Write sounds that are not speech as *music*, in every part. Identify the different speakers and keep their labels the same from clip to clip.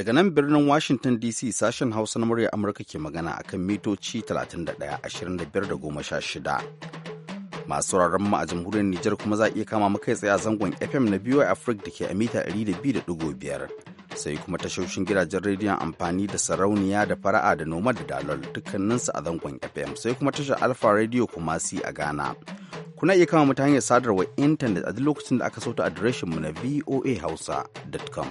Speaker 1: Daga nan birnin Washington DC sashen Hausa na murya Amurka ke magana a kan mitoci 31-25-16. Masu sauraron mu a jamhuriyar Nijar kuma za a iya kama makai tsaye a zangon FM na a Africa da ke a mita 200.5. Sai kuma tashoshin gidajen rediyon amfani da sarauniya da fara'a da noma da dalol dukkaninsu a zangon FM sai kuma tashar Alfa Radio Kumasi a Ghana. Kuna iya kama mu ta hanyar sadarwar intanet a duk lokacin da aka so ta adireshinmu na voahausa.com.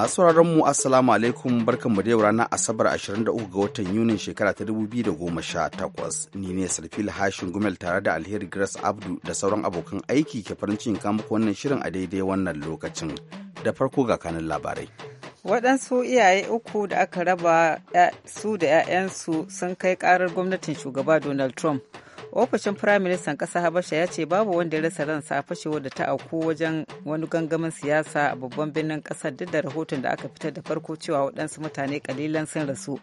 Speaker 1: masu mu assalamu alaikum barkan mu da yau ranar asabar 23 ga watan yunin shekara ta 2018 ni ne sarfil hashin gumel tare da alheri grace abdu da sauran abokan aiki ke farin cikin muku wannan shirin a daidai wannan lokacin da farko ga kanin
Speaker 2: labarai waɗansu iyaye uku da aka raba su da 'ya'yansu sun kai karar gwamnatin shugaba donald trump ofishin firaministan ƙasa habasha ya ce babu wanda ya rasa ransa a fashewar da ta auku wajen wani gangamin siyasa a babban birnin ƙasar duk da rahoton da aka fitar da farko cewa waɗansu mutane kalilan sun rasu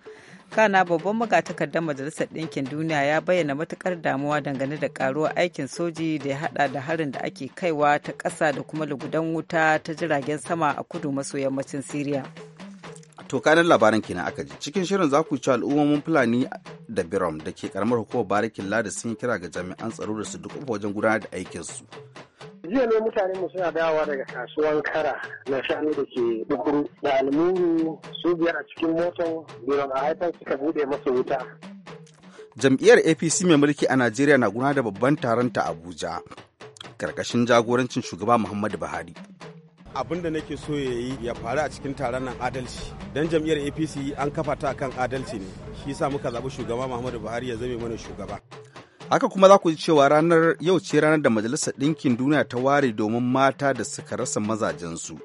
Speaker 2: kana babban magatakardar majalisar ɗinkin duniya ya bayyana matukar damuwa dangane da karuwar aikin soji da ya hada da harin da ake kaiwa ta ƙasa da kuma lugudan wuta ta jiragen sama a kudu maso yammacin siriya
Speaker 1: To kanan labaran kenan aka ji cikin shirin za ku ci al'ummomin Fulani da Biram da ke karamar hukumar Barikin Lada sun yi kira ga jami'an tsaro da su duk wajen gudanar da
Speaker 3: aikinsu. jiya ne mutane mu suna dawowa daga kasuwan kara na shanu da ke bukuru da almuru su biyar a cikin motar biram a haifar suka bude masa wuta
Speaker 1: jam'iyyar apc mai mulki a najeriya na gudanar da babban taron ta abuja karkashin jagorancin shugaba muhammadu buhari
Speaker 4: abin da nake so ya yi ya faru a cikin taron nan adalci dan jam'iyyar apc an kafa ta kan adalci ne shi sa muka zaɓi shugaba muhammadu buhari ya zame mana shugaba
Speaker 1: haka kuma za ku ji cewa ranar yau ce ranar da majalisar ɗinkin duniya ta ware domin mata da suka rasa mazajensu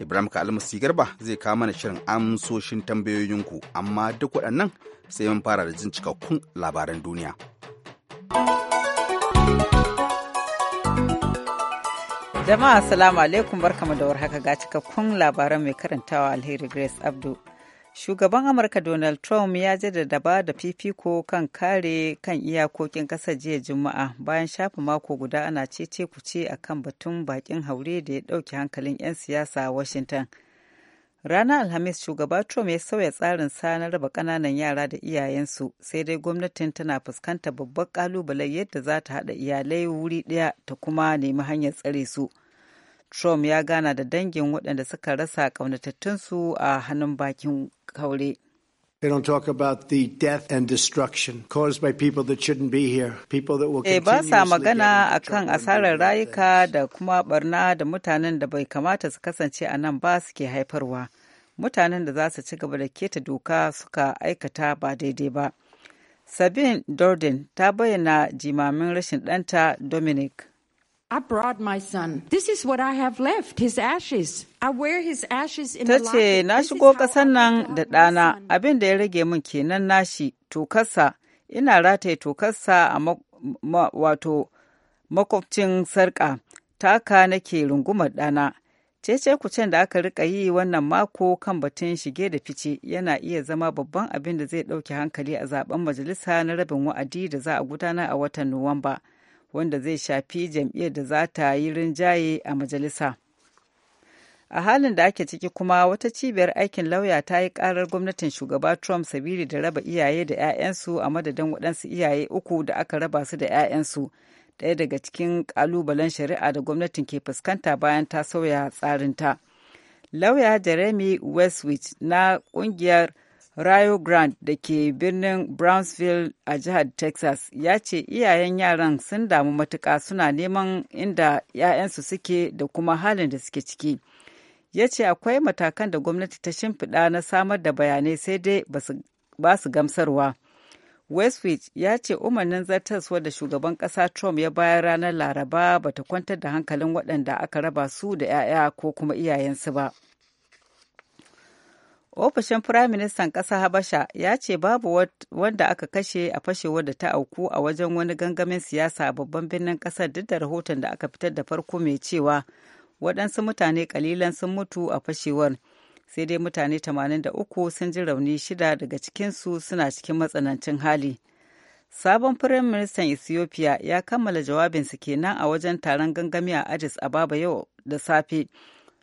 Speaker 1: ibrahim kalmasi garba zai kawo mana shirin amsoshin tambayoyinku amma duk waɗannan sai mun fara da jin cikakkun labaran duniya.
Speaker 2: Jama'a salamu alaikum barkamu da warhaka ga cikakkun labaran mai karantawa alheri Grace Abdu. Shugaban Amurka Donald Trump ya jaddada ba da fifiko kan kare kan iyakokin kasar jiya Juma'a bayan shafa mako guda ana ce ce ku ce akan batun bakin haure da ya dauki hankalin 'yan siyasa a Washington. Ranar Alhamis shugaba Trump ya sauya tsarin sanar da raba ƙananan yara da iyayensu sai dai gwamnatin tana fuskantar babban kalubale yadda za ta haɗa iyalai wuri ɗaya ta kuma nemi hanyar tsare su. Trump ya gana da dangin waɗanda suka rasa ƙaunatattunsu a hannun bakin kaure. Eh ba sa magana a kan asarar rayuka da kuma barna da mutanen da bai kamata su kasance a nan ba suke haifarwa. Mutanen da za su ci gaba da keta doka suka aikata ba daidai ba. Sabine dorden ta bayyana jimamin rashin ɗanta Dominic.
Speaker 5: I brought my son. This is what I have left, his ashes. I wear his ashes in Ta ce,
Speaker 2: Na shigo ƙasar nan da ɗana, abin da ya rage min kenan nashi, tokarsa, ina rataye tokarsa a wato makwabcin sarƙa, taka nake rungumar ɗana. Cece can da aka rika yi wannan mako kan batun shige da fice yana iya zama babban abin da zai ɗauke hankali a zaben majalisa na rabin wa'adi da za a gudanar a watan Nuwamba. wanda zai shafi jam'iyyar da za ta yi rinjaye a majalisa. a halin da ake ciki kuma wata cibiyar aikin lauya ta yi karar gwamnatin shugaba trump sabili da raba iyaye da 'ya'yansu a madadin waɗansu iyaye uku da aka raba su da 'ya'yansu ɗaya daga cikin ƙalubalen shari'a da gwamnatin ke fuskanta bayan ta sauya tsarinta lauya jeremy westwich na ƙungiyar Rio Grande da ke birnin Brownsville a jihar Texas ya ce iyayen yaran sun damu matuka suna neman inda 'ya'yansu suke da kuma halin da suke ciki. Ya ce akwai matakan da gwamnati ta shimfiɗa na samar da bayanai sai dai ba su gamsarwa. Westwich ya ce umarnin zartaswa da shugaban ƙasa Trump ya bayar ranar Laraba bata kwantar da hankalin waɗanda aka raba su da 'ya'ya ko kuma iyayensu ba. ofishin firaministan ƙasa habasha ya ce babu wanda aka kashe a fashewar da ta auku a wajen wani gangamin siyasa a babban birnin ƙasar duk da rahoton da aka fitar da farko mai cewa waɗansu mutane kalilan sun mutu a fashewar sai dai mutane 83 sun ji rauni shida daga cikinsu suna cikin matsanancin hali sabon firaministan ethiopia ya kammala jawabinsa kenan a wajen taron gangami a addis ababa yau da safe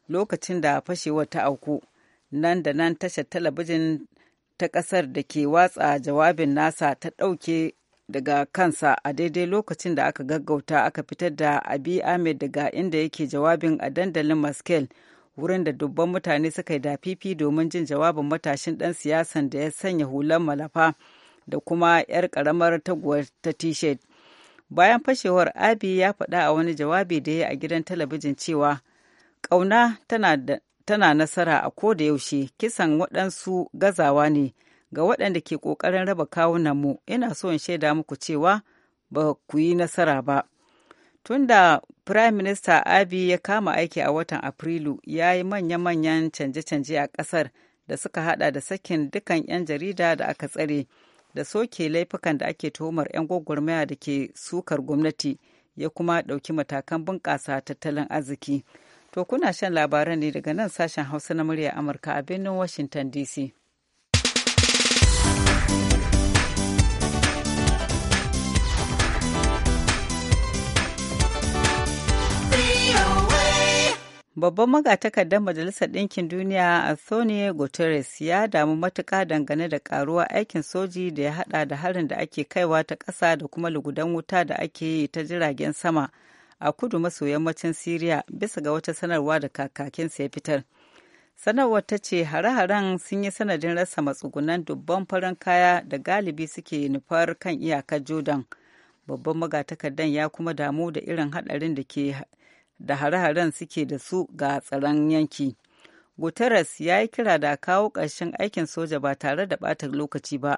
Speaker 2: lokacin da fashewar ta auku nan da nan tashar talabijin ta ƙasar da ke watsa jawabin nasa ta ɗauke daga kansa a daidai lokacin da aka gaggauta aka fitar da abi ahmed daga inda yake jawabin a dandalin maskel wurin da dubban mutane suka yi dafifi domin jin jawabin matashin ɗan siyasan da ya sanya hular malafa da kuma 'yar karamar taguwar ta t-shirt bayan fashewar abi ya faɗa a wani jawabi da ya a gidan talabijin cewa ƙauna tana tana nasara a ko da yaushe kisan waɗansu gazawa ne ga waɗanda ke ƙoƙarin raba kawunan mu ina so in shaida muku cewa ba ku yi nasara ba tun da prime minister abi ya kama aiki a watan afrilu ya yi manya-manyan canje-canje a ƙasar da suka hada da sakin dukkan 'yan jarida da aka tsare da soke laifukan da ake tuhumar 'yan gwagwarmaya da ke sukar gwamnati ya kuma ɗauki matakan bunƙasa tattalin arziki. To kuna shan labaran ne daga nan sashen Hausa na murya Amurka a birnin Washington DC. Babban magatakardar Majalisar Ɗinkin Duniya Anthony Guterres ya damu matuƙa dangane da ƙaruwa aikin soji da ya haɗa da harin da ake kaiwa ta ƙasa da kuma lugudan wuta da ake yi ta jiragen sama a kudu maso yammacin Siriya bisa ga wata sanarwa da kakakinsa ya fitar. Sanarwar ta ce hare-haren sun yi sanadin rasa matsugunan dubban farin kaya da galibi suke nufar kan iyakar Jordan. Babban magatakardan ya kuma damu da irin haɗarin da ke da hare-haren suke da su ga tsaron yanki. Guterres ya yi kira da kawo ƙarshen aikin soja ba tare da ɓata lokaci ba,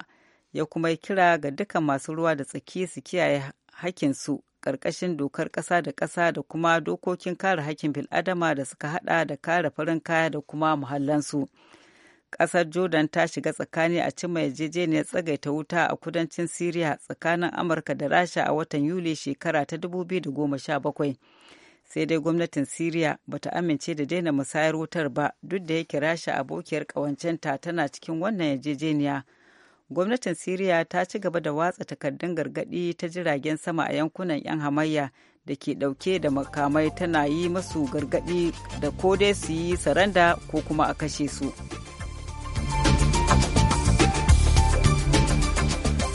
Speaker 2: ya kuma yi kira ga duka masu ruwa da tsaki su kiyaye hakinsu ƙarƙashin dokar ƙasa da ƙasa da kuma dokokin kare hakkin bil'adama da suka hada da kare farin kaya da kuma muhallansu. Ƙasar Jordan ta shiga tsakani a cimma yarjejeniyar tsagaita wuta a kudancin Syria tsakanin Amurka da Rasha a watan Yuli shekara ta 2017. Sai dai gwamnatin Siriya bata amince da daina musayar wutar ba duk da yake Rasha abokiyar ƙawancenta tana cikin wannan yarjejeniya. gwamnatin siriya ta ci gaba da watsa takardun gargadi ta jiragen sama a yankunan 'yan hamayya da ke dauke da makamai tana yi masu gargadi da ko dai su yi saranda ko kuma a kashe su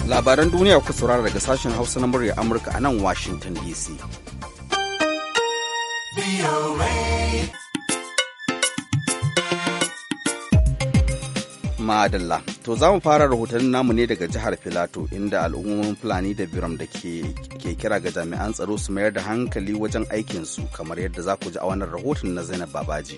Speaker 1: labaran duniya ku saurara daga sashen hausa na murya amurka a nan washington dc Ma'adalla. To za mu fara rahoton namu ne daga jihar Filato inda al'ummomin Fulani da Biram da ke kira ga jami'an tsaro su mayar da hankali wajen aikinsu kamar yadda za ku ji a wannan rahoton na Zainab Babaji.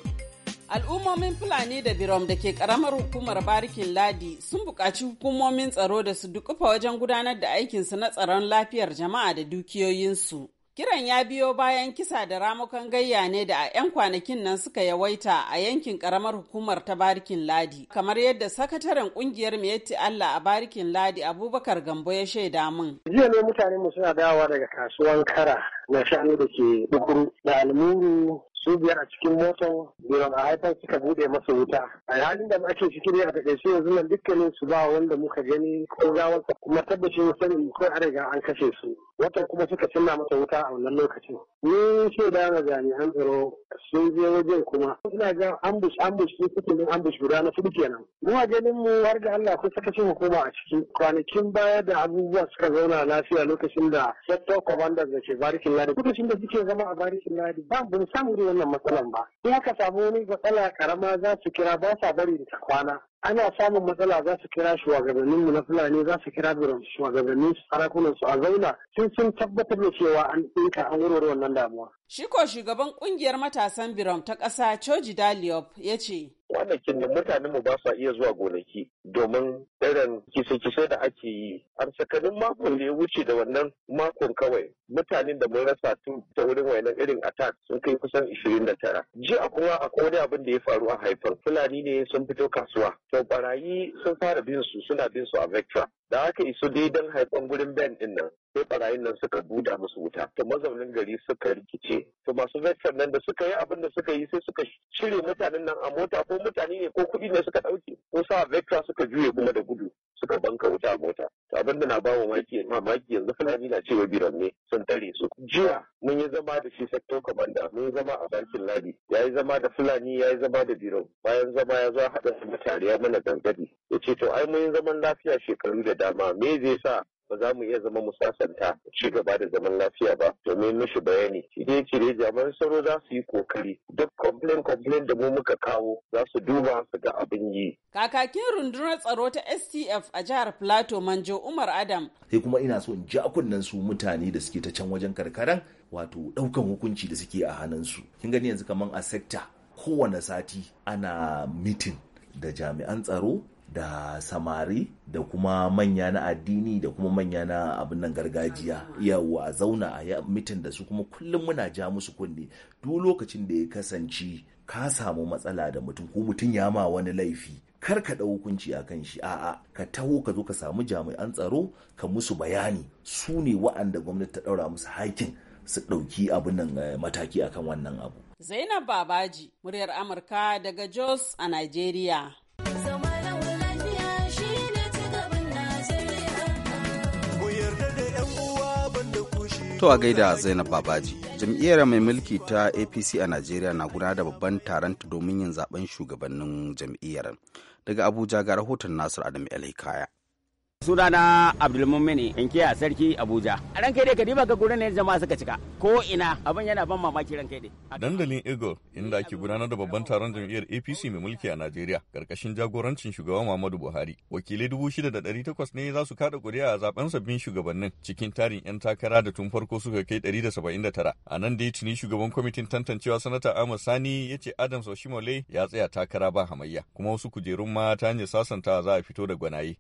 Speaker 6: Al'ummomin Fulani da Biram da ke karamar hukumar Barikin Ladi sun buƙaci hukumomin tsaro da su dukufa wajen gudanar da aikinsu na tsaron lafiyar jama'a da dukiyoyinsu. Kiran ya biyo bayan kisa da ramukan gayya ne da a 'yan kwanakin nan suka yawaita a yankin karamar hukumar ta barikin ladi. Kamar yadda sakataren kungiyar Miyetti Allah a barikin ladi Abubakar Gambo ya shaida min.
Speaker 3: Jiya ne mutane mu suna dawowa daga kasuwan kara na shanu da ke bukuru da almuru su biyar a cikin mota. biran a haifar suka bude masa wuta a halin da ake cikin a takaice yanzu nan dukkanin su ba wanda muka gani ko gawarsa kuma tabbacin sanin ko a riga an kashe su watan kuma suka cinna masa wuta a wannan lokacin ni ce da na jami'an tsaro sun je wajen kuma suna ga ambush ambush sun suke ambush guda na fudu kenan mu a ganin mu har ga Allah ko sakacin hukuma a ciki kwanakin baya da abubuwa suka zauna lafiya lokacin da sector commanders da ke barkin ladi shi da suke zama a barikin ladi ba mu samu da wannan matsalan ba in aka samu wani matsala karama za su kira ba sa bari da ta kwana ana samun matsala za su kira shugabannin mu na fulani za su kira biran shugabannin su sarakunan su a zauna sun sun tabbatar da cewa an dinka an warware wannan damuwa.
Speaker 6: Shi ko shugaban kungiyar matasan biram ta ƙasa Choji Daliop ya ce. Kwanakin
Speaker 7: da mutanenmu ba sa iya zuwa gonaki domin irin kisa-kisa da ake yi a tsakanin makon da ya wuce da wannan makon kawai mutanen da mun rasa tun ta wurin wayannan irin attack sun kai kusan 29 jiya kuma akwai wani abin da ya faru a haifar fulani ne sun fito kasuwa to barayi sun fara bin su suna bin su a vector da aka iso dai don haifan gurin ben din nan sai barayin nan suka buda musu wuta to mazaunin gari suka rikice to masu vestar nan da suka yi abin da suka yi sai suka shirya mutanen nan a mota ko mutane ne ko kuɗi ne suka ɗauke ko sa vestar suka juye kuma da gudu suka banka wuta mota to abin da na ba wa maki mamaki yanzu fulani na cewa biran ne sun tare su jiya mun yi zama da shi sector commander mun yi zama a bankin ladi ya yi zama da fulani ya yi zama da biran bayan zama ya zo haɗa su mutane ya mana gangadi ya ce to ai mun yi zaman lafiya shekaru da dama me zai sa ba za mu iya zama musasanta ci gaba da zaman lafiya ba domin mishi bayani shi dai cire jami'an tsaro za su yi kokari duk complain complain da mu muka kawo za su duba su ga abin yi
Speaker 6: kakakin rundunar tsaro ta STF a jihar Plateau Manjo Umar Adam
Speaker 1: sai kuma ina so in ja kunnen su mutane da suke ta can wajen karkaran wato daukan hukunci da suke a hannunsu kin gani yanzu kaman a sekta? kowane sati ana mitin da jami'an tsaro da samari da kuma manya na addini da kuma manya na abin nan gargajiya yawa a zauna a yi mitin da su kuma kullum muna ja musu kunne duk lokacin da ya kasance ka samu matsala da mutum ko mutum ya ma wani laifi kar ka ɗau hukunci a kan shi a'a ka taho ka zo ka samu jami'an tsaro ka musu bayani su ne wa'anda gwamnati ta ɗaura musu hakin su ɗauki abin nan eh, mataki akan wannan abu.
Speaker 6: Zainab Babaji, muryar Amurka daga Jos a Najeriya.
Speaker 1: To a gaida Zainab Babaji, jam'iyyar mai mulki ta APC a Najeriya na gudanar da babban taron domin yin zaben shugabannin jam'iyyar. Daga Abuja ga rahoton Nasir Adam Alhikaya. Hikaya. sunana
Speaker 8: abdulmumini in kiya sarki abuja
Speaker 6: ran kai dai ka diba ga gurin ne jama'a suka cika ko ina abin yana ban mamaki ran kai dai
Speaker 8: dandalin igor inda ake gudanar da babban taron jam'iyyar apc mai mulki a najeriya karkashin jagorancin shugaban muhammadu buhari wakilai dubu shida da ɗari takwas ne za su kada kuri'a a zaben sabbin shugabannin cikin tarin yan takara da tun farko suka kai ɗari da saba'in da tara a nan dai tuni shugaban kwamitin tantancewa sanata ahmad sani ya ce adams oshimole ya tsaya takara ba hamayya kuma wasu kujerun ma ta hanyar sasantawa za a fito da gwanaye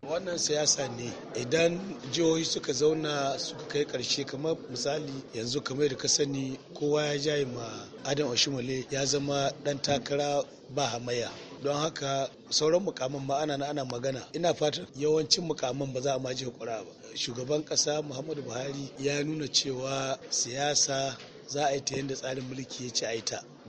Speaker 9: ne idan jihohi suka zauna suka kai karshe kamar misali yanzu kamar da ka sani kowa ya jaye ma adam oshimole ya zama dan takara ba hamaya don haka sauran mukaman ma ana ana magana ina fatan yawancin mukaman ba za a maji kura ba shugaban kasa muhammadu buhari ya nuna cewa siyasa za a yi ta yadda tsarin mulki ya ci a yi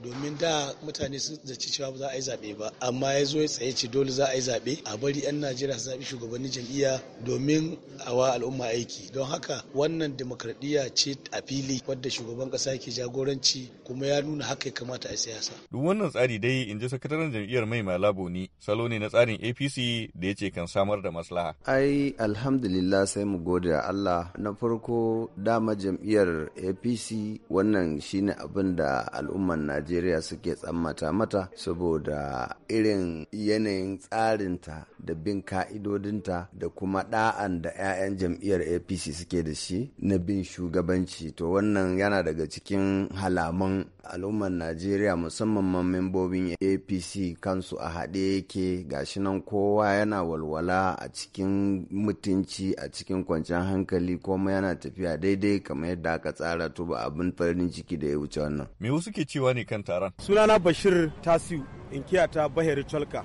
Speaker 9: domin da mutane sun zaci cewa ba za a yi zaɓe ba amma ya zo ya tsaye ce dole za a yi zaɓe a bari 'yan najeriya su zaɓi shugabannin jam'iyya domin a wa al'umma aiki don haka wannan demokradiyya ce a fili wadda shugaban ƙasa yake jagoranci kuma ya nuna haka ya kamata a siyasa.
Speaker 8: duk wannan tsari dai in ji sakataren jam'iyyar mai malabo ni salo ne na tsarin apc da ya ce kan samar da maslaha.
Speaker 1: ai alhamdulillah sai mu gode allah na farko dama jam'iyyar apc wannan shine abin da al'umman najeriya najeriya suke tsammata mata saboda irin yanayin tsarinta da bin ka'idodinta da kuma da'an da 'ya'yan jam'iyyar apc suke da shi na bin shugabanci to wannan yana daga cikin halaman al'ummar najeriya musamman ma membobin apc kansu a haɗe yake gashi nan kowa yana walwala a cikin mutunci a cikin kwanciyar hankali kuma yana tafiya daidai kamar yadda aka tsara to ba abin farin ciki da ya wuce wannan
Speaker 4: me wasu ke cewa ne kan wannan taron. Sunana Bashir Tasiu inkiya ta bahir Cholka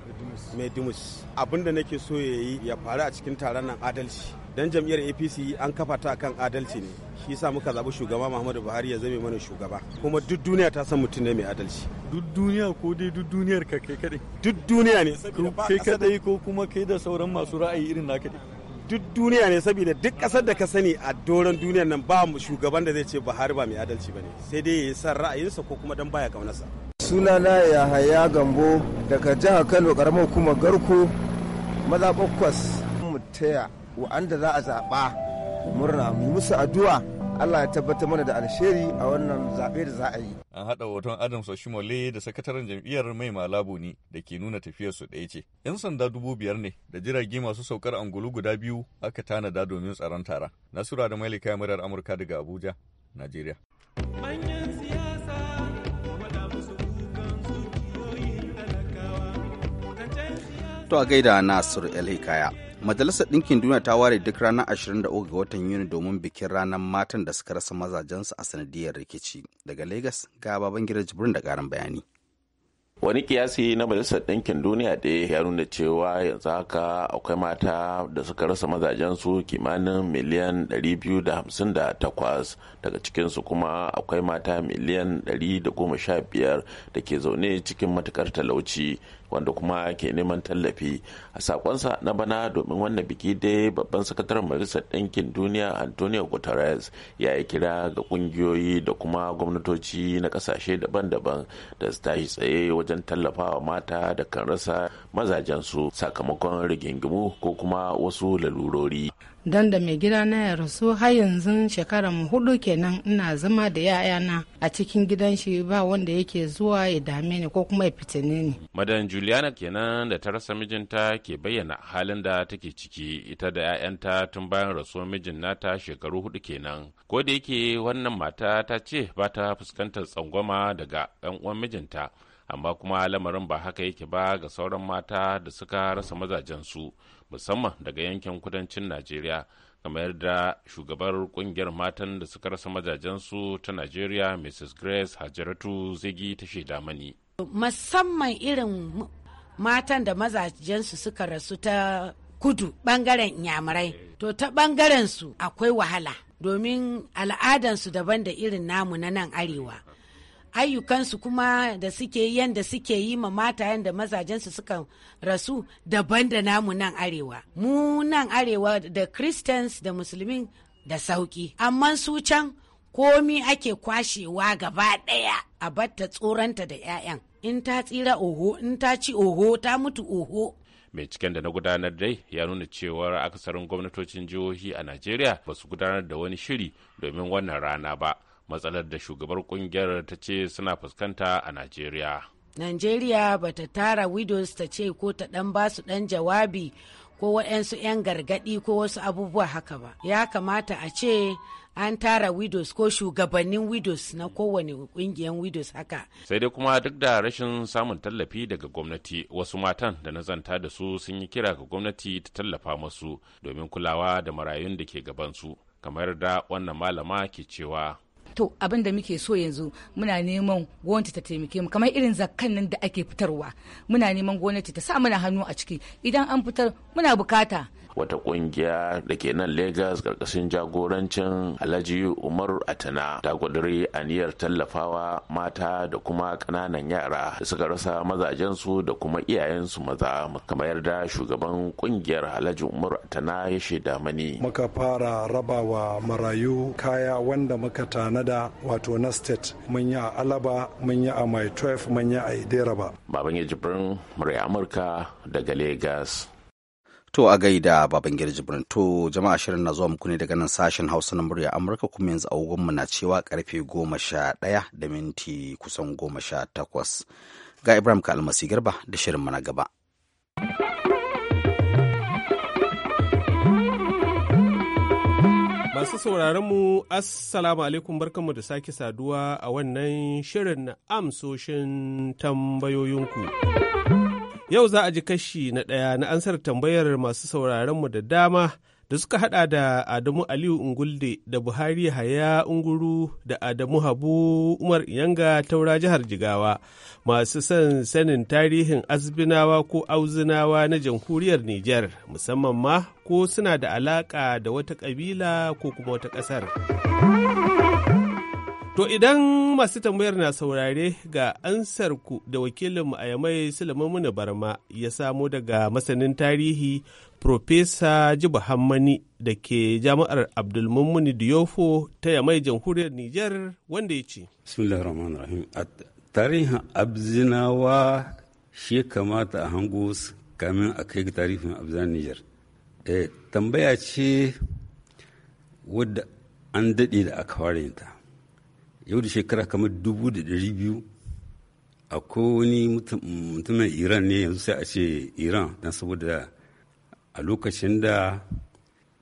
Speaker 4: mai Dumus. Abinda nake so ya yi ya faru a cikin taron nan adalci. Dan jam'iyyar APC an kafa ta kan adalci ne. Shi sa muka zaɓi shugaba Muhammadu Buhari ya zame mana shugaba. Kuma duk duniya ta san mutum ne mai adalci.
Speaker 8: Duk duniya ko dai duk duniyar ka kai kaɗai. Duk duniya ne. Kai kaɗai ko kuma kai da sauran masu ra'ayi irin naka kaɗai. duk duniya ne saboda
Speaker 4: duk kasar da ka sani a doron duniya nan ba mu shugaban da zai ce Buhari ba mai adalci ba ne sai dai ya san ra'ayinsa ko kuma dan baya kaunarsa sunana Yahaya Gambo daga jihar Kano karamar hukumar Garko maza bakwas mu taya wa'anda za a zaɓa murna mu musu addu'a Allah ya tabbatar mana da alsheri a wannan zaɓe da za
Speaker 8: a yi. An haɗa hoton saushi mole da sakataren jam'iyyar Mai malabu ne da ke nuna tafiyar su ɗaya ce. 'Yan sanda dubu biyar ne da jirage masu saukar angulu guda biyu aka tanada domin tsaron tara. Nasura da Malika Murar Amurka daga Abuja, Najeriya.
Speaker 1: To a gaida Nasiru El Hikaya. Majalisar Ɗinkin Duniya ta ware duk ranar 23 ga watan Yuni domin bikin ranar matan da suka rasa mazajensu a sanadiyar rikici. Daga Legas ga gidan Jibrin da ƙarin bayani.
Speaker 10: wani kiyasi na majalisar ɗinkin duniya da ya nuna cewa yanzu haka akwai mata da suka rasa mazajensu kimanin miliyan 258 daga cikinsu kuma akwai mata miliyan 115 da ke zaune cikin matukar talauci wanda kuma ke neman tallafi a sakonsa na bana domin wannan biki dai babban sakataren majalisar ɗinkin duniya antonio guterres ya yi kira ga ƙungiyoyi da kuma gwamnatoci na ƙasashe daban-daban da su tashi tsaye wajen tallafawa mata da kan rasa mazajensu sakamakon rigingimu ko kuma wasu lalurori
Speaker 5: don da mai gida na ya rasu har yanzu shekara mu hudu kenan ina zama da yayana a cikin gidan shi ba wanda yake zuwa ya dame ni ko kuma ya fitine ni.
Speaker 10: Madan Juliana kenan da ta rasa mijinta ke bayyana halin da take ciki ita da 'ya'yanta tun bayan rasuwar mijin nata shekaru hudu kenan. Ko da yake wannan mata ta ce ba ta fuskantar tsangwama daga 'yan uwan mijinta amma kuma lamarin ba haka yake ba ga sauran mata da suka rasa mazajensu. su. musamman daga yankin kudancin najeriya kamar da shugabar kungiyar matan da suka rasa majajensu ta najeriya mrs grace hajaratu zigi ta shaida mani
Speaker 5: musamman irin matan da mazajensu suka rasu ta kudu bangaren nyamurai, to ta bangaren su akwai wahala domin al'adansu daban da irin namu na nan arewa ayyukansu kuma da suke yi yadda suke yi ma mata yadda mazajensu suka rasu daban da namu nan arewa mu nan arewa da christians da musulmi da sauki amma su can komi ake kwashewa gaba ɗaya a batta tsoranta da 'ya'yan in ta tsira oho in ta ci oho ta mutu oho
Speaker 10: Mai binciken da na gudanar dai ya nuna cewar akasarin gwamnatocin jihohi a najeriya ba su gudanar da wani shiri domin wannan rana ba matsalar da shugabar kungiyar ta ce suna fuskanta a najeriya
Speaker 5: najeriya ba ta tara widows ta ce ko ta dan basu dan jawabi ko waɗansu 'yan gargaɗi ko wasu abubuwa haka ba ya kamata a ce an tara widows ko shugabannin widows na kowane ƙungiyar widows haka
Speaker 10: sai dai kuma duk da rashin samun tallafi daga gwamnati wasu matan da na zanta da su sun yi kira ga gwamnati ta tallafa masu domin kulawa da marayun da ke gabansu kamar da wannan malama ke cewa
Speaker 5: to abin da muke so yanzu muna neman gwamnati ta taimake mu kamar irin zakkan nan da ake fitarwa muna neman gwamnati ta sa mana hannu a ciki idan an fitar muna bukata
Speaker 10: wata kungiya da ke nan Legas karkashin jagorancin Alhaji Umar Atana ta kuduri aniyar tallafawa mata da kuma ƙananan yara da suka rasa mazajensu da kuma iyayensu maza kamar yarda shugaban kungiyar Alhaji Umar Atana ya shaida mani.
Speaker 1: Muka fara
Speaker 4: rabawa marayu kaya wanda muka tanada wato na state mun yi a Alaba mun yi a Mai 12 mun yi a Ideraba.
Speaker 10: Baban Jibrin Amurka
Speaker 1: daga Legas. To a gaida baban Jibrin to jama'a shirin na zuwa muku ne daga nan sashen Hausa na murya Amurka kuma yanzu mu na cewa karfe goma sha ɗaya da minti kusan goma sha takwas. Ga Ibrahim ka almasi garba da shirin mana gaba.
Speaker 9: Masu sauraron mu Assalamu alaikum barkanmu da sake saduwa a wannan shirin amsoshin tambayoyinku. Yau za a ji kashi na ɗaya na ansar tambayar masu sauraronmu da dama da suka hada da Adamu Aliyu Ungulde da Buhari Haya Unguru da Adamu Habu Umar Yanga taura jihar Jigawa masu son sanin tarihin azbinawa ko auzinawa na jamhuriyar Nijar musamman ma ko suna da alaka da wata ƙabila ko kuma wata ƙasar. To idan masu tambayar na saurare ga ansarku da wakilinmu a yamai Sulaiman Barma ya samo daga masanin tarihi Profesa Jibu Hammani da ke jami'ar Abdulmummuni Diyofo ta yamai jamhuriyar Nijar wanda ya ce. Bismillahirrahmanirrahim.
Speaker 11: Tarihin Abzinawa
Speaker 9: shi kamata a hango
Speaker 11: kamin a kai tarihin Abzan Nijar. Eh, tambaya ce wadda an daɗe da aka fara yinta. yau da shekara kamar dubu da ɗari biyu a wani mutumin iran ne yanzu sai a ce iran don saboda a lokacin da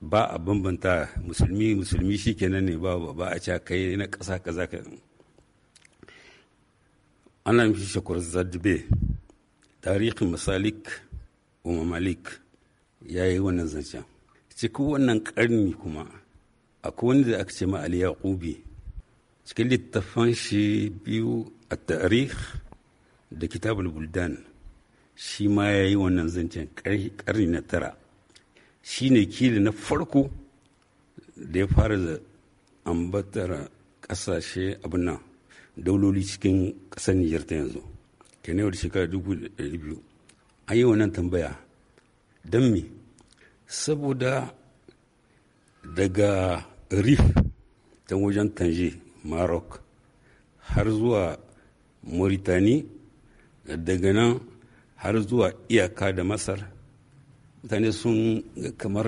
Speaker 11: ba a bambanta musulmi musulmi shi kenan ne ba a ce kai na ƙasa kaza ka ana mishi shakur zadbe tarihin masalik umar malik ya yi wannan zancen cikin wannan ƙarni kuma akwai da aka ce ma ali cikin littattafan shi biyu a tarih da kitabul buldan shi ma ya yi wannan zancen karni na tara shi ne kili na farko da ya fara da ambatar ƙasashe abin nan dauloli cikin kasar nijar ta yanzu kenewar shekara dubu biyu an yi wannan tambaya don me saboda daga rif ta wajen tanje maroc har zuwa mauritani daga nan har zuwa iyaka da masar mutane sun kamar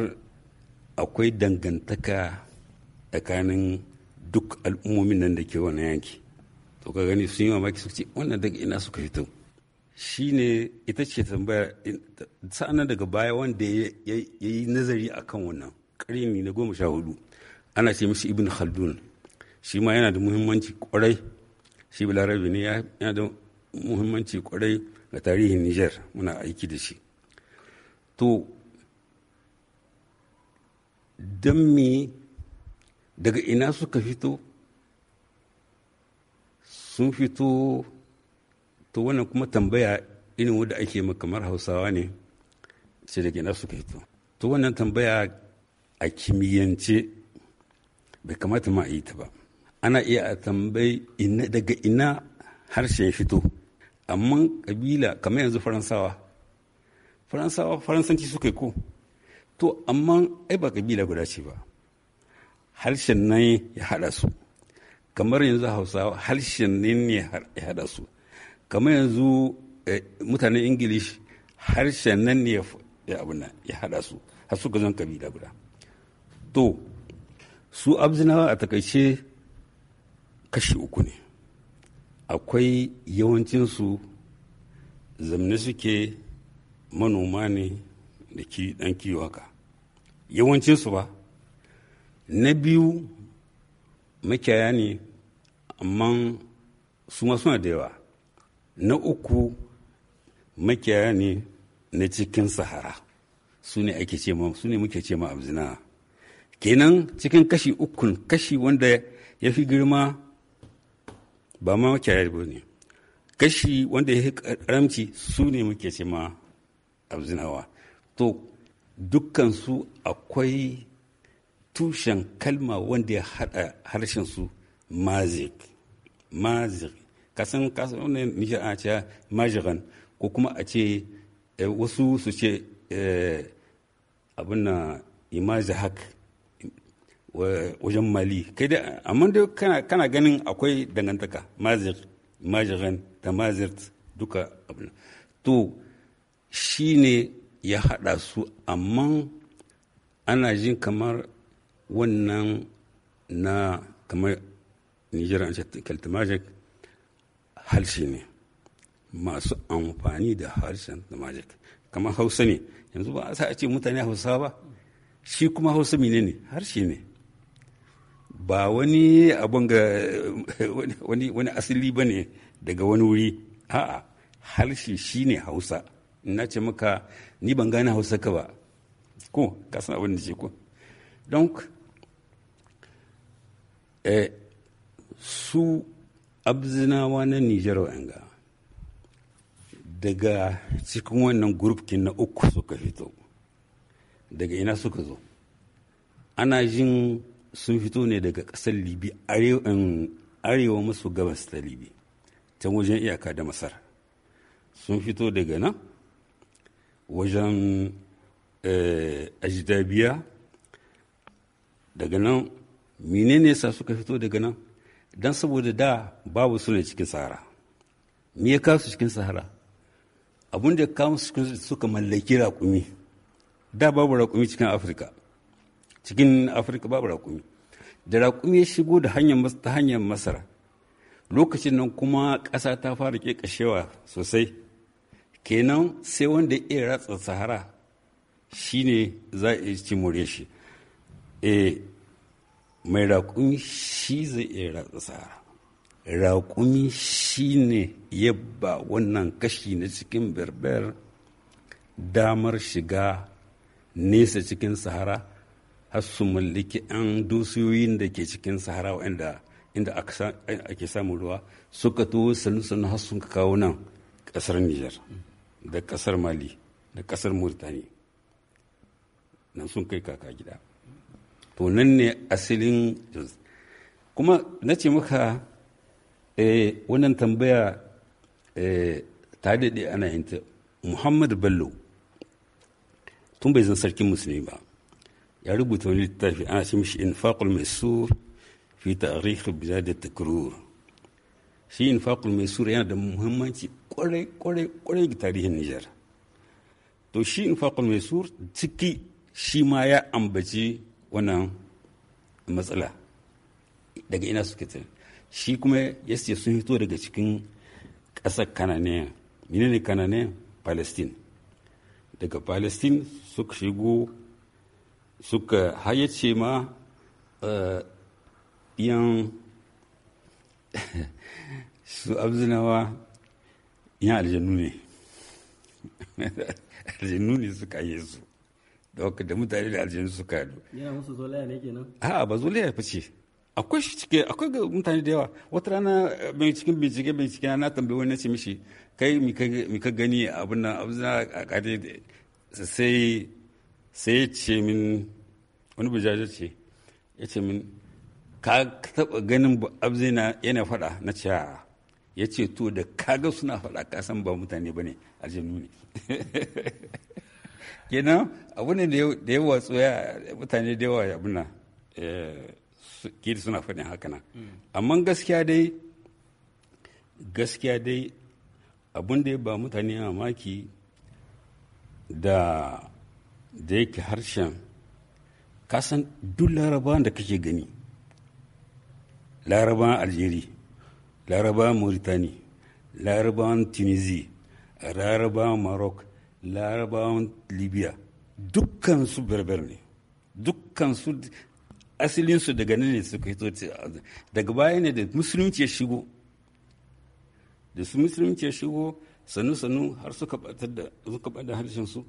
Speaker 11: akwai dangantaka tsakanin duk al'ummomin nan da ke wani yanki to ka gani sun yi mamaki suka wannan daga ina suka fito shi ne ita ce tambaya sa'anan daga baya wanda ya yi nazari a kan wannan ƙarni na goma sha hudu ana ce mishi ibn khaldun shi ma yana da muhimmanci kwarai shi balarabe ne yana da muhimmanci kwarai ga tarihin niger muna aiki da shi to don me daga ina suka fito sun fito to wannan kuma tambaya irin wadda ake kamar hausawa ne sai daga ina suka fito to wannan tambaya a kimiyyance bai kamata ma a yi ta ba ana iya a tambayi daga ina harshen fito amma kabila kamar yanzu faransawa faransawa faransanci suka yi ko to amma ai ba kabila guda ce ba harshen nan ya haɗa su kamar yanzu hausawa harshen nan ya haɗa su kamar yanzu eh, mutanen ingilish harshen nan ne ya haɗa su har suka zan kabila guda to su abzinawa a takaice kashi uku ne akwai yawancinsu zamne suke manoma ne da ki dan kiwo yawancinsu ba na biyu makiyaya ne amma su ma suna da yawa na uku makiyaya ne na cikin sahara su ne ake ce su ne muke ce ma abzina kenan cikin kashi ukun kashi wanda ya fi girma ba ma makiyaya ba ne kashi wanda ya karamci su ne muke ce ma abzinawa to dukkansu akwai tushen kalma wanda ya haɗa harshen su mazik mazik kasan kasan wannan nishan a ce majiran ko kuma a ce eh, wasu su ce eh, abin na Eh, wajen mali kai da amma dai kana ganin akwai dangantaka mazir majiran da mazir duka abu to shi ne ya haɗa su amma ana jin kamar wannan na kamar nigeria an kaltamajik harshe ne masu amfani da harshen da tamajik kamar hausa ne yanzu ba a sa a ce mutane hausa ba shi kuma hausa mine ne harshe ne ba wani abun ga *laughs* wani, wani asali ba ne daga wani wuri a'a harshe ne hausa na ce maka ni ban gane hausa ka ba ko ka san abin da ce ko don eh, su abzinawa na nijar wa'anga daga cikin wannan gurfkin na uku suka fito daga ina suka zo ana jin sun fito ne daga ƙasar libi um, arewa maso gabas ta libi ta wajen iyaka da masar sun fito daga nan wajen eh, ajidabiya daga nan menene sa suka fito daga nan don saboda da babu su ne cikin sahara me ya kasu cikin sahara abin da ya kawo suka mallaki raƙumi da babu raƙumi cikin afirka cikin afirka babu raƙumi da raƙumi ya shigo da hanyar ta hanyar masara lokacin nan kuma ƙasa ta fara ƙeƙashewa sosai kenan sai wanda ya iya ratsa sahara shine za a yi more shi e mai raƙumi shi zai iya ratsa sahara raƙumi shi ne ba wannan kashi na cikin berber damar shiga nesa cikin sahara har su mallaki 'yan dusiyoyin da ke cikin sahara inda inda ake samun ruwa suka to sannu sannu har sun kawo nan kasar Nijar da kasar mali da kasar murtani nan sun kai kaka gida to nan ne asalin kuma na ce maka eh, wannan tambaya eh, ta daɗe ana yin ta muhammad bello tun bai zan sarkin musulmi ba ya rubuta wani littafi ana ce mishi infaqul maisur fi tarikh bilad takrur shi infaqul maisur yana da muhimmanci kwarai kwarai kwarai ga tarihin Nijar to shi infaqul maisur ciki shi ma ya ambaci wannan matsala daga ina suke ta shi kuma ya ce sun hito daga cikin ƙasar kananiya menene kananiya palestine daga palestine suka shigo suka hayyace ma eh, yan *laughs* su abzinawa yan aljanu ne *laughs* aljanu ne suka yi su da da mutane da aljanu suka yadu
Speaker 8: yana musu zolaya ne kenan
Speaker 11: a'a ba zolaya fi ce akwai shi cike akwai ga mutane da yawa wata rana eh, mai cikin bincike bincike na tambayi wani ce mishi kai mika gani abin nan abin a kare sai sai ya ce min wani bujaje ce ya ce min ka taɓa ganin abzina yana faɗa na ce ya ce to da kaga suna faɗa kasan ba mutane ba ne aljanu ne *laughs* kenan abu ne da ya watsu ya mutane da yawa abu na eh, kiri suna faɗin haka nan mm. amma gaskiya dai gaskiya dai abin da ya ba mutane mamaki da da yake harshen kasan duk larabawan da kake gani larabawan algeri larabawan mauritani larabawan tunisi larabawan maroc larabawan libya dukkansu berber ne dukkansu asalinsu daga nan ne suka hito daga baya ne da musulunci ya shigo da su musulunci ya shigo sannu-sannu har suka da bada harshen su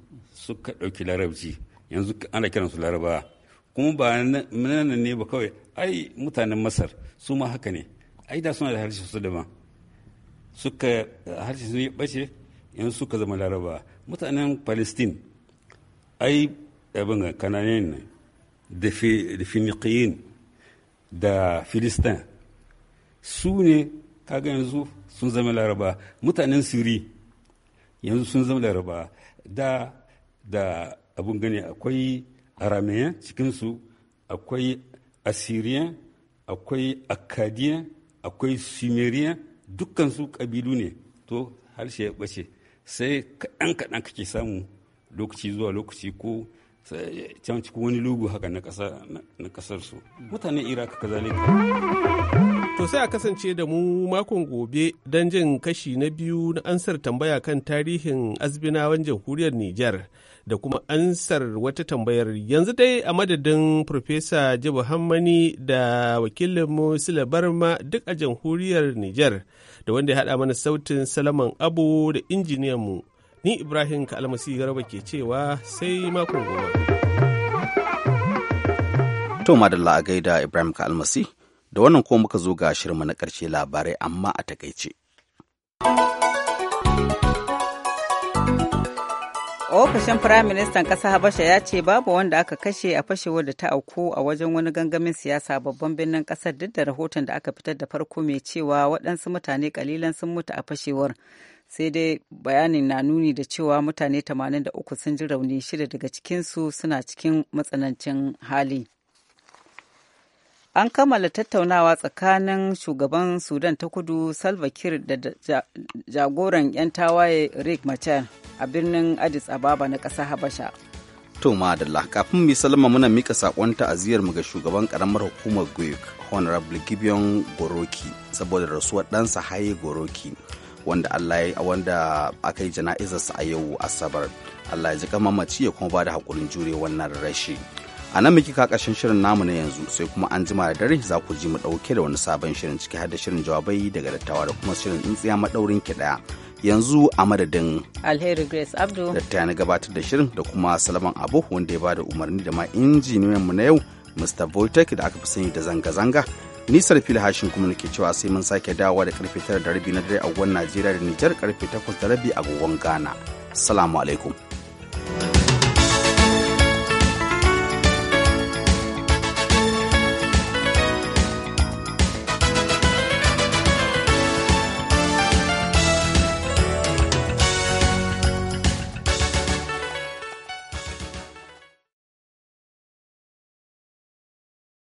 Speaker 11: suka ɗauki larabci yanzu ana kiransu larabawa kuma ba nan ne ba kawai ai mutanen masar su ma haka ne ai da suna da harshen su daban suka harshen su ya bace yanzu suka zama larabawa mutanen palestine ai abin kanane ne da finikiyin da filistin su ne kaga yanzu sun zama laraba mutanen siri yanzu sun zama laraba da da abun gani akwai arameyan cikinsu akwai assyrian akwai akkadiyan akwai sumerian dukkansu kabilu ne to harshe ya bace sai kaɗan kaɗan kake samu lokaci zuwa lokaci ko can cikin wani lugu haka na ƙasarsu su
Speaker 9: mutanen iraq kazalika To sai a kasance da mu makon gobe don jin kashi na biyu na ansar tambaya kan tarihin azbinawan jamhuriyar Nijar da kuma ansar wata tambayar yanzu dai a madadin Profesa Jibu Hammani da wakilin Sila Barma duk a jamhuriyar Nijar da wanda ya haɗa mana sautin Salaman Abu da mu, Ni Ibrahim Kalmasi Garba ke cewa sai makon gobe.
Speaker 1: To madalla a gaida Ibrahim Kalmasi. da wannan ko muka zo ga shirma na ƙarshe labarai amma a takaice.
Speaker 2: ofishin firaministan ƙasa habasha ya ce babu wanda aka kashe a fashewar da ta auku a wajen wani gangamin siyasa babban birnin ƙasar duk da rahoton da aka fitar da farko mai cewa waɗansu mutane kalilan sun mutu a fashewar sai dai bayanin na nuni da cewa mutane 83 sun ji rauni shida daga cikinsu suna cikin matsanancin hali. an kammala tattaunawa tsakanin shugaban sudan ta kudu salva kir da jagoran 'yan tawaye rick machar a birnin addis ababa na ƙasar habasha
Speaker 1: to madalla kafin mu salama muna mika sakon ta'aziyar mu ga shugaban karamar hukumar greek honorable gibeon goroki saboda rasuwar ɗansa haye goroki wanda allah ya wanda aka yi jana'izarsa a yau asabar allah ya ji mamaci ya kuma ba da haƙurin jure wannan rashi a nan muke ka kashin shirin namu na yanzu sai kuma an jima da dare za ku ji mu ɗauke da wani sabon shirin ciki har da shirin jawabai daga dattawa da kuma shirin tsintsiya maɗaurin ki daya yanzu a madadin
Speaker 2: alheri grace abdu da
Speaker 1: ta na gabatar da shirin da kuma salaman abu wanda ya ba da umarni da ma injiniyan mu na yau mr voitek da aka fi sani da zanga-zanga nisar fili hashin kuma nake cewa sai mun sake dawowa da karfe tara da rabi na dare a najeriya da nijar karfe 8 da rabi a ghana salamu alaikum